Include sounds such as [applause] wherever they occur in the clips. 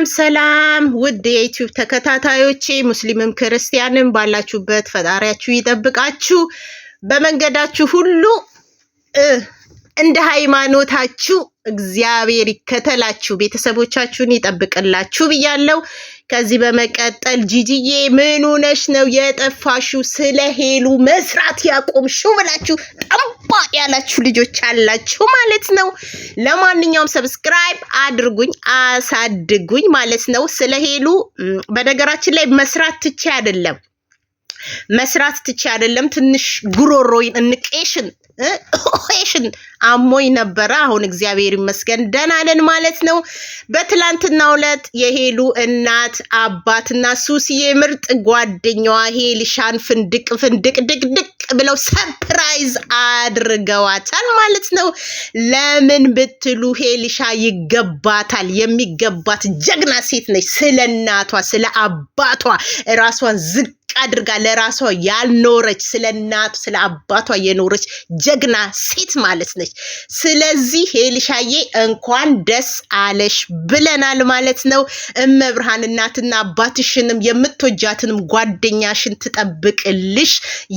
ሰላም ሰላም ውድ የዩቲዩብ ተከታታዮቼ ሙስሊምም ክርስቲያንም ባላችሁበት ፈጣሪያችሁ ይጠብቃችሁ፣ በመንገዳችሁ ሁሉ እንደ ሃይማኖታችሁ እግዚአብሔር ይከተላችሁ፣ ቤተሰቦቻችሁን ይጠብቅላችሁ ብያለሁ። ከዚህ በመቀጠል ጂጂዬ ምን ሆነሽ ነው የጠፋሽው? ስለ ሄሉ መስራት ያቆምሽው ብላችሁ ፏ ያላችሁ ልጆች አላችሁ ማለት ነው። ለማንኛውም ሰብስክራይብ አድርጉኝ አሳድጉኝ ማለት ነው። ስለ ሄሉ በነገራችን ላይ መስራት ትቼ አይደለም መስራት ትቼ አይደለም ትንሽ ጉሮሮይን እንቄሽን ሽን [coughs] አሞኝ ነበረ። አሁን እግዚአብሔር ይመስገን ደህና ነን ማለት ነው። በትላንትናው ዕለት የሄሉ እናት አባትና ሱስዬ ምርጥ ጓደኛዋ ሄልሻን ፍንድቅ ፍንድቅ ድቅድቅ ብለው ሰርፕራይዝ አድርገዋታል ማለት ነው። ለምን ብትሉ ሄልሻ ይገባታል። የሚገባት ጀግና ሴት ነች። ስለ እናቷ ስለ አባቷ ራሷን ዝቅ አድርጋ ለራሷ ያልኖረች ስለ እናቱ ስለ አባቷ የኖረች ጀግና ሴት ማለት ነች። ስለዚህ ኤልሻዬ እንኳን ደስ አለሽ ብለናል ማለት ነው። እመብርሃን እናትና አባትሽንም የምትወጃትንም ጓደኛሽን ትጠብቅልሽ።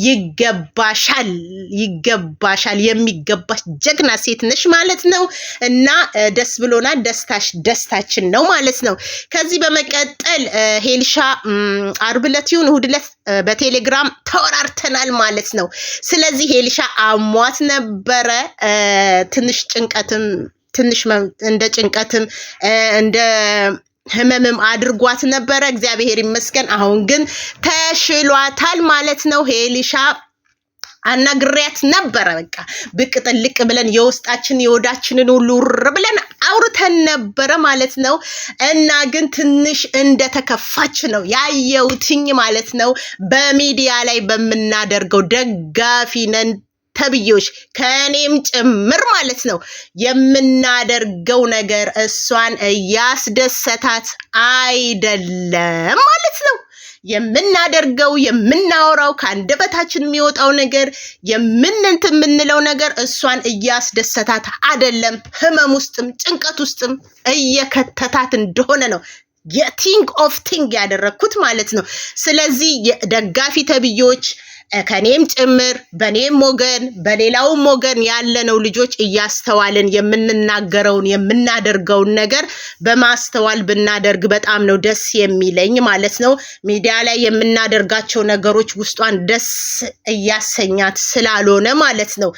ይገባሻል፣ ይገባሻል። የሚገባሽ ጀግና ሴት ነሽ ማለት ነው እና ደስ ብሎናል። ደስታሽ ደስታችን ነው ማለት ነው። ከዚህ በመቀጠል ሄልሻ አርብ ዕለት ይሁን እሑድ ዕለት በውሸት በቴሌግራም ተወራርተናል ማለት ነው። ስለዚህ ኤልሻ አሟት ነበረ። ትንሽ ጭንቀትም ትንሽ እንደ ጭንቀትም እንደ ህመምም አድርጓት ነበረ። እግዚአብሔር ይመስገን አሁን ግን ተሽሏታል ማለት ነው ኤልሻ አናግሪያት ነበረ። በቃ ብቅ ጥልቅ ብለን የውስጣችን የወዳችንን ሁሉ ር ብለን አውርተን ነበረ ማለት ነው። እና ግን ትንሽ እንደተከፋች ነው ያየውትኝ ማለት ነው። በሚዲያ ላይ በምናደርገው ደጋፊ ነን ተብዬዎች ከእኔም ጭምር ማለት ነው የምናደርገው ነገር እሷን እያስደሰታት አይደለም ማለት ነው። የምናደርገው የምናወራው ከአንደበታችን የሚወጣው ነገር የምንንት የምንለው ነገር እሷን እያስደሰታት አደለም፣ ህመም ውስጥም ጭንቀት ውስጥም እየከተታት እንደሆነ ነው የቲንግ ኦፍ ቲንግ ያደረግኩት ማለት ነው። ስለዚህ ደጋፊ ተብዬዎች ከኔም ጭምር በኔም ወገን በሌላውም ወገን ያለነው ልጆች እያስተዋልን የምንናገረውን የምናደርገውን ነገር በማስተዋል ብናደርግ በጣም ነው ደስ የሚለኝ ማለት ነው። ሚዲያ ላይ የምናደርጋቸው ነገሮች ውስጧን ደስ እያሰኛት ስላልሆነ ማለት ነው።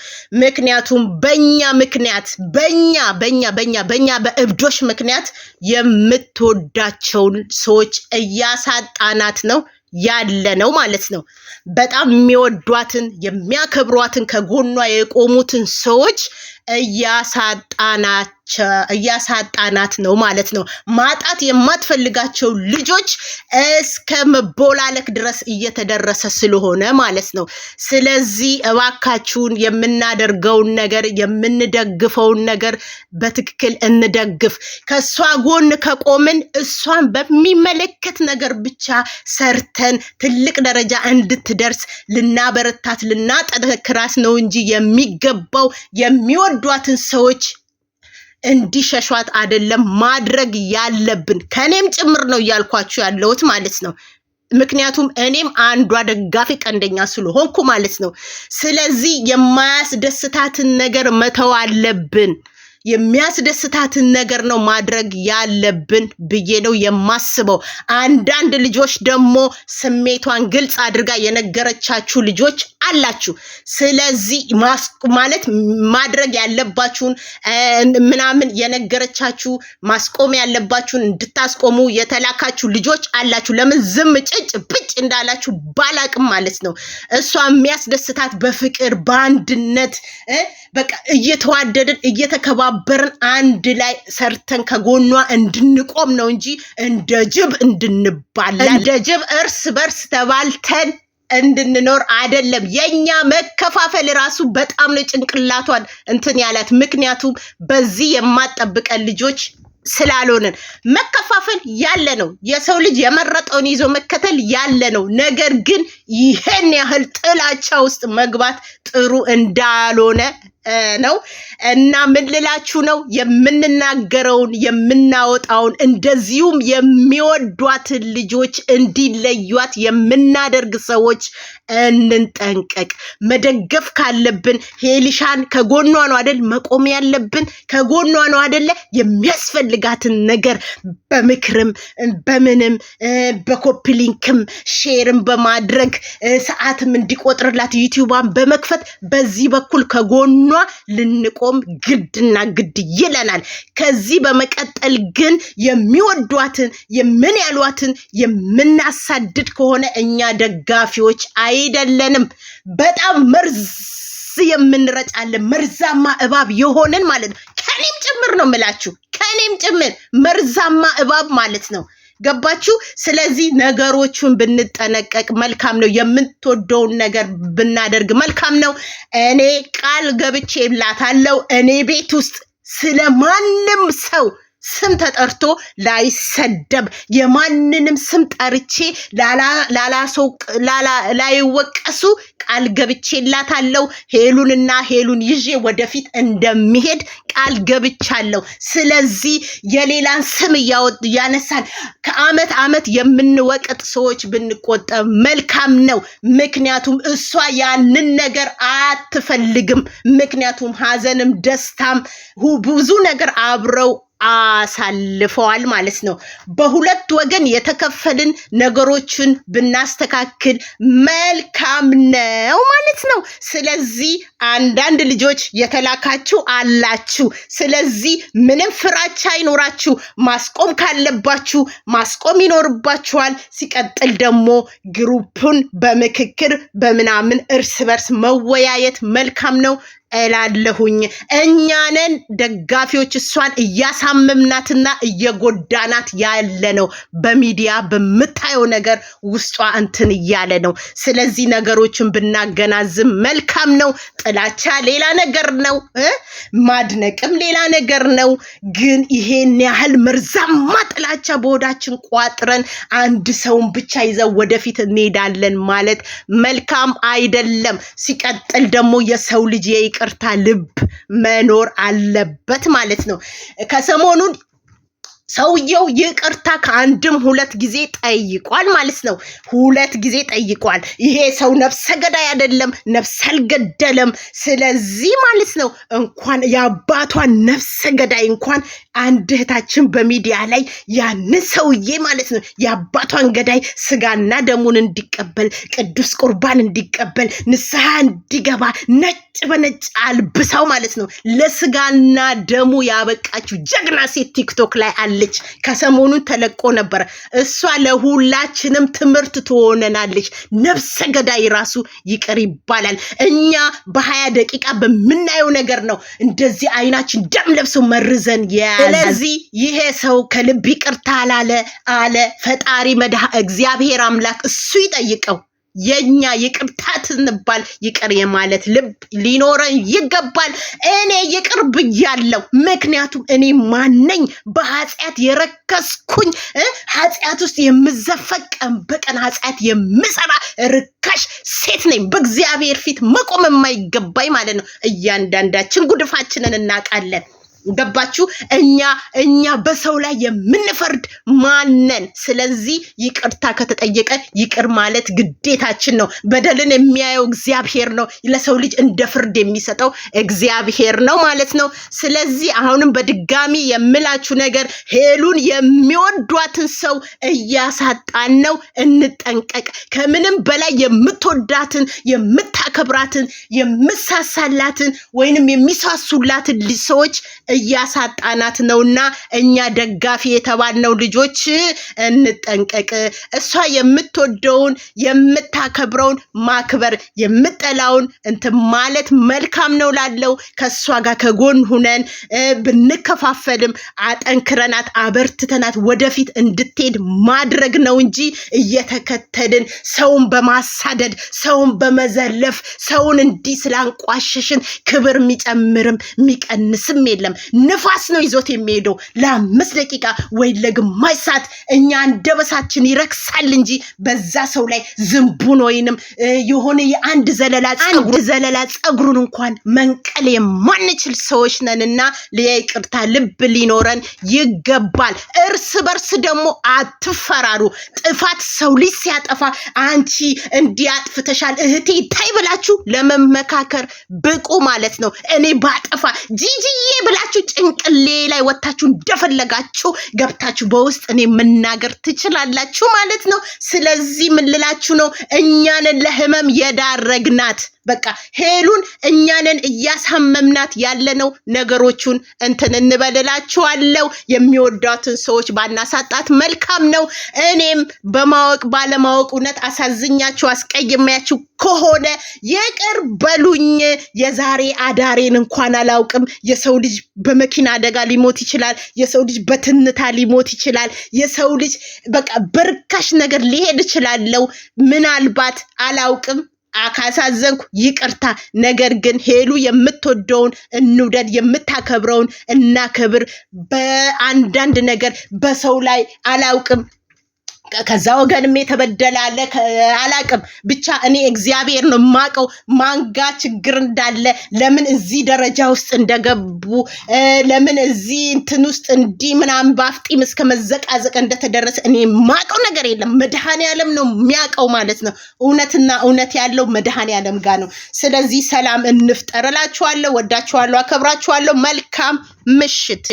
ምክንያቱም በኛ ምክንያት በኛ በኛ በኛ በኛ በእብዶች ምክንያት የምትወዳቸውን ሰዎች እያሳጣናት ነው። ያለ ነው ማለት ነው። በጣም የሚወዷትን የሚያከብሯትን ከጎኗ የቆሙትን ሰዎች እያሳጣናት ነው ማለት ነው። ማጣት የማትፈልጋቸው ልጆች እስከ መቦላለክ ድረስ እየተደረሰ ስለሆነ ማለት ነው። ስለዚህ እባካችሁን የምናደርገውን ነገር የምንደግፈውን ነገር በትክክል እንደግፍ። ከእሷ ጎን ከቆምን እሷን በሚመለከት ነገር ብቻ ሰርተን ትልቅ ደረጃ እንድትደርስ ልናበረታት ልናጠነክራት ነው እንጂ የሚገባው የሚወድ የሚወዷትን ሰዎች እንዲሸሿት አይደለም ማድረግ ያለብን። ከእኔም ጭምር ነው እያልኳችሁ ያለሁት ማለት ነው። ምክንያቱም እኔም አንዷ ደጋፊ ቀንደኛ ስለሆንኩ ማለት ነው። ስለዚህ የማያስደስታትን ነገር መተው አለብን። የሚያስደስታትን ነገር ነው ማድረግ ያለብን ብዬ ነው የማስበው። አንዳንድ ልጆች ደግሞ ስሜቷን ግልጽ አድርጋ የነገረቻችሁ ልጆች አላችሁ። ስለዚህ ማለት ማድረግ ያለባችሁን ምናምን የነገረቻችሁ ማስቆም ያለባችሁን እንድታስቆሙ የተላካችሁ ልጆች አላችሁ። ለምን ዝም ጭጭ ብጭ እንዳላችሁ ባላቅም ማለት ነው። እሷ የሚያስደስታት በፍቅር በአንድነት በቃ እየተዋደድን እየተከባበርን አንድ ላይ ሰርተን ከጎኗ እንድንቆም ነው እንጂ እንደ ጅብ እንድንባላ እንደ ጅብ እርስ በርስ ተባልተን እንድንኖር አይደለም። የኛ መከፋፈል ራሱ በጣም ነው ጭንቅላቷን እንትን ያላት። ምክንያቱም በዚህ የማጠብቀን ልጆች ስላልሆነን መከፋፈል ያለ ነው። የሰው ልጅ የመረጠውን ይዞ መከተል ያለ ነው። ነገር ግን ይሄን ያህል ጥላቻ ውስጥ መግባት ጥሩ እንዳልሆነ ነው እና ምን ልላችሁ ነው የምንናገረውን የምናወጣውን እንደዚሁም የሚወዷትን ልጆች እንዲለዩት የምናደርግ ሰዎች እንንጠንቀቅ። መደገፍ ካለብን ሄልሻን ከጎኗ ነው አደል መቆም ያለብን ከጎኗ ነው አደለ የሚያስፈልጋትን ነገር በምክርም በምንም በኮፕሊንክም ሼርም በማድረግ ሰዓትም እንዲቆጥርላት ዩቲዩባን በመክፈት በዚህ በኩል ከጎኗ ልንቆም ግድና ግድ ይለናል። ከዚህ በመቀጠል ግን የሚወዷትን የምን ያሏትን የምናሳድድ ከሆነ እኛ ደጋፊዎች አይደለንም። በጣም መርዝ የምንረጫለን መርዛማ እባብ የሆንን ማለት ነው። ከኔም ጭምር ነው የምላችሁ ከኔም ጭምር መርዛማ እባብ ማለት ነው። ገባችሁ? ስለዚህ ነገሮቹን ብንጠነቀቅ መልካም ነው። የምትወደውን ነገር ብናደርግ መልካም ነው። እኔ ቃል ገብቼ ብላታለው። እኔ ቤት ውስጥ ስለማንም ሰው ስም ተጠርቶ ላይሰደብ የማንንም ስም ጠርቼ ላይወቀሱ ቃል ገብቼላታለሁ። ሄሉንና ሄሉን ይዤ ወደፊት እንደሚሄድ ቃል ገብቻለሁ። ስለዚህ የሌላን ስም እያነሳን ከአመት አመት የምንወቅጥ ሰዎች ብንቆጠብ መልካም ነው። ምክንያቱም እሷ ያንን ነገር አትፈልግም። ምክንያቱም ሀዘንም ደስታም ብዙ ነገር አብረው አሳልፈዋል ማለት ነው። በሁለት ወገን የተከፈልን ነገሮችን ብናስተካክል መልካም ነው ማለት ነው። ስለዚህ አንዳንድ ልጆች የተላካችሁ አላችሁ። ስለዚህ ምንም ፍራቻ አይኖራችሁ። ማስቆም ካለባችሁ ማስቆም ይኖርባችኋል። ሲቀጥል ደግሞ ግሩፑን በምክክር በምናምን እርስ በርስ መወያየት መልካም ነው። እላለሁኝ። እኛንን ደጋፊዎች እሷን እያሳመምናትና እየጎዳናት ያለ ነው። በሚዲያ በምታየው ነገር ውስጧ እንትን እያለ ነው። ስለዚህ ነገሮችን ብናገናዝብ መልካም ነው። ጥላቻ ሌላ ነገር ነው፣ ማድነቅም ሌላ ነገር ነው። ግን ይሄን ያህል መርዛማ ጥላቻ በሆዳችን ቋጥረን አንድ ሰውን ብቻ ይዘው ወደፊት እንሄዳለን ማለት መልካም አይደለም። ሲቀጥል ደግሞ የሰው ልጅ የይቅርታ ልብ መኖር አለበት ማለት ነው። ከሰሞኑን ሰውየው ይቅርታ ከአንድም ሁለት ጊዜ ጠይቋል ማለት ነው። ሁለት ጊዜ ጠይቋል። ይሄ ሰው ነፍሰ ገዳይ አይደለም፣ ነፍስ አልገደለም። ስለዚህ ማለት ነው እንኳን የአባቷን ነፍሰ ገዳይ እንኳን አንድ እህታችን በሚዲያ ላይ ያን ሰውዬ ማለት ነው የአባቷን ገዳይ ስጋና ደሙን እንዲቀበል ቅዱስ ቁርባን እንዲቀበል ንስሐ እንዲገባ ነ ነጭ በነጭ አልብሳው ማለት ነው ለስጋና ደሙ ያበቃችው ጀግና ሴት ቲክቶክ ላይ አለች። ከሰሞኑን ተለቆ ነበር እሷ ለሁላችንም ትምህርት ትሆነናለች። ነፍሰ ገዳይ ራሱ ይቅር ይባላል። እኛ በሀያ ደቂቃ በምናየው ነገር ነው እንደዚህ አይናችን ደም ለብሶ መርዘን ስለዚህ ይሄ ሰው ከልብ ይቅርታ አላለ አለ ፈጣሪ መድሃ እግዚአብሔር አምላክ እሱ ይጠይቀው። የኛ ይቅርታ ትንባል ይቅር የማለት ልብ ሊኖረን ይገባል። እኔ ይቅር ብያለሁ፣ ምክንያቱም እኔ ማነኝ? በኃጢአት የረከስኩኝ ኃጢአት ውስጥ የምዘፈቅ ቀን በቀን ኃጢአት የምሰራ ርካሽ ሴት ነኝ። በእግዚአብሔር ፊት መቆም የማይገባኝ ማለት ነው። እያንዳንዳችን ጉድፋችንን እናውቃለን። ገባችሁ? እኛ እኛ በሰው ላይ የምንፈርድ ማነን? ስለዚህ ይቅርታ ከተጠየቀ ይቅር ማለት ግዴታችን ነው። በደልን የሚያየው እግዚአብሔር ነው። ለሰው ልጅ እንደ ፍርድ የሚሰጠው እግዚአብሔር ነው ማለት ነው። ስለዚህ አሁንም በድጋሚ የምላችሁ ነገር ሄሉን የሚወዷትን ሰው እያሳጣን ነው። እንጠንቀቅ። ከምንም በላይ የምትወዳትን የምታከብራትን፣ የምሳሳላትን ወይንም የሚሳሱላትን ሰዎች እያሳጣናት ነውና እኛ ደጋፊ የተባልነው ልጆች እንጠንቀቅ። እሷ የምትወደውን የምታከብረውን ማክበር፣ የምጠላውን እንትን ማለት መልካም ነው ላለው ከእሷ ጋር ከጎን ሁነን ብንከፋፈልም አጠንክረናት አበርትተናት ወደፊት እንድትሄድ ማድረግ ነው እንጂ እየተከተልን ሰውን በማሳደድ ሰውን በመዘለፍ ሰውን እንዲህ ስላንቋሸሽን ክብር የሚጨምርም የሚቀንስም የለም። ንፋስ ነው ይዞት የሚሄደው። ለአምስት ደቂቃ ወይ ለግማሽ ሰዓት እኛ እንደበሳችን ይረክሳል እንጂ በዛ ሰው ላይ ዝንቡን ወይንም የሆነ የአንድ ዘለላ ዘለላ ጸጉሩን እንኳን መንቀል የማንችል ሰዎች ነንና ይቅርታ ልብ ሊኖረን ይገባል። እርስ በርስ ደግሞ አትፈራሩ። ጥፋት ሰው ልጅ ሲያጠፋ አንቺ እንዲያጥፍተሻል እህቴ ታይ ብላችሁ ለመመካከር ብቁ ማለት ነው። እኔ ባጠፋ ጂጂዬ ብላችሁ ከፈለጋችሁ ጭንቅሌ ላይ ወታችሁ እንደፈለጋችሁ ገብታችሁ በውስጥ እኔ መናገር ትችላላችሁ ማለት ነው። ስለዚህ ምን ነው? እኛንን ለህመም የዳረግናት በቃ ሄሉን እኛ ብለን እያሳመምናት ያለነው ነገሮቹን እንትን እንበልላችኋለሁ። የሚወዷትን ሰዎች ባናሳጣት መልካም ነው። እኔም በማወቅ ባለማወቅ እውነት አሳዝኛችሁ አስቀይሜያችሁ ከሆነ ይቅር በሉኝ። የዛሬ አዳሬን እንኳን አላውቅም። የሰው ልጅ በመኪና አደጋ ሊሞት ይችላል። የሰው ልጅ በትንታ ሊሞት ይችላል። የሰው ልጅ በቃ በርካሽ ነገር ሊሄድ እችላለሁ። ምናልባት አላውቅም። ካሳዘንኩ ይቅርታ። ነገር ግን ሄሉ የምትወደውን እንውደድ፣ የምታከብረውን እናከብር በአንዳንድ ነገር በሰው ላይ አላውቅም ከዛ ወገንም የተበደለ አለ። አላቅም ብቻ እኔ እግዚአብሔር ነው የማውቀው ማንጋ ችግር እንዳለ ለምን እዚህ ደረጃ ውስጥ እንደገቡ ለምን እዚህ እንትን ውስጥ እንዲህ ምናምን ባፍጢም እስከ መዘቃዘቅ እንደተደረሰ እኔ የማውቀው ነገር የለም። መድኃኔዓለም ነው የሚያውቀው ማለት ነው። እውነትና እውነት ያለው መድኃኔዓለም ጋር ነው። ስለዚህ ሰላም እንፍጠር ወዳችኋለሁ፣ አከብራችኋለሁ። መልካም ምሽት